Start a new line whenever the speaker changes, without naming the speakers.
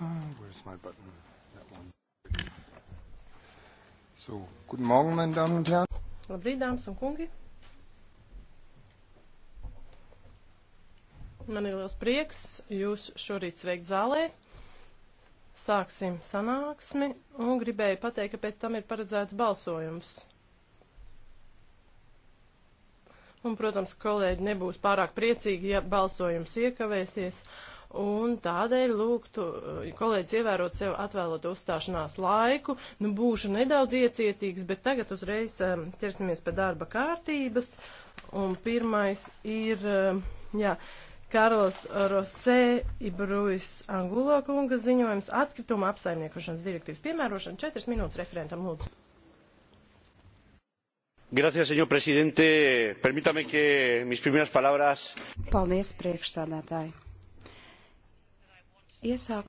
Uh, where's my button? That one. So, guten Morgen, meine Damen und Herren.
Labrīt, dāmas un kungi.
Man ir liels prieks jūs šorīt sveikt zālē. Sāksim sanāksmi un gribēju pateikt, ka pēc tam ir paredzēts balsojums. Un, protams, kolēģi nebūs pārāk priecīgi, ja balsojums iekavēsies. Uh, un tādēļ lūgtu eh, kolēģis ievērot sev atvēlot uzstāšanās laiku. Nu, būšu nedaudz iecietīgs, bet tagad uzreiz eh, ķersimies pie darba kārtības, un pirmais ir, eh, jā, Karlos Rosē Ibruis Angulo kunga ziņojums atkrituma apsaimniekošanas direktīvas piemērošana. Četras minūtes referentam lūdzu.
Gracias, señor presidente. Permítame que mis primeras palabras. Paldies,
priekšsādātāji iesākt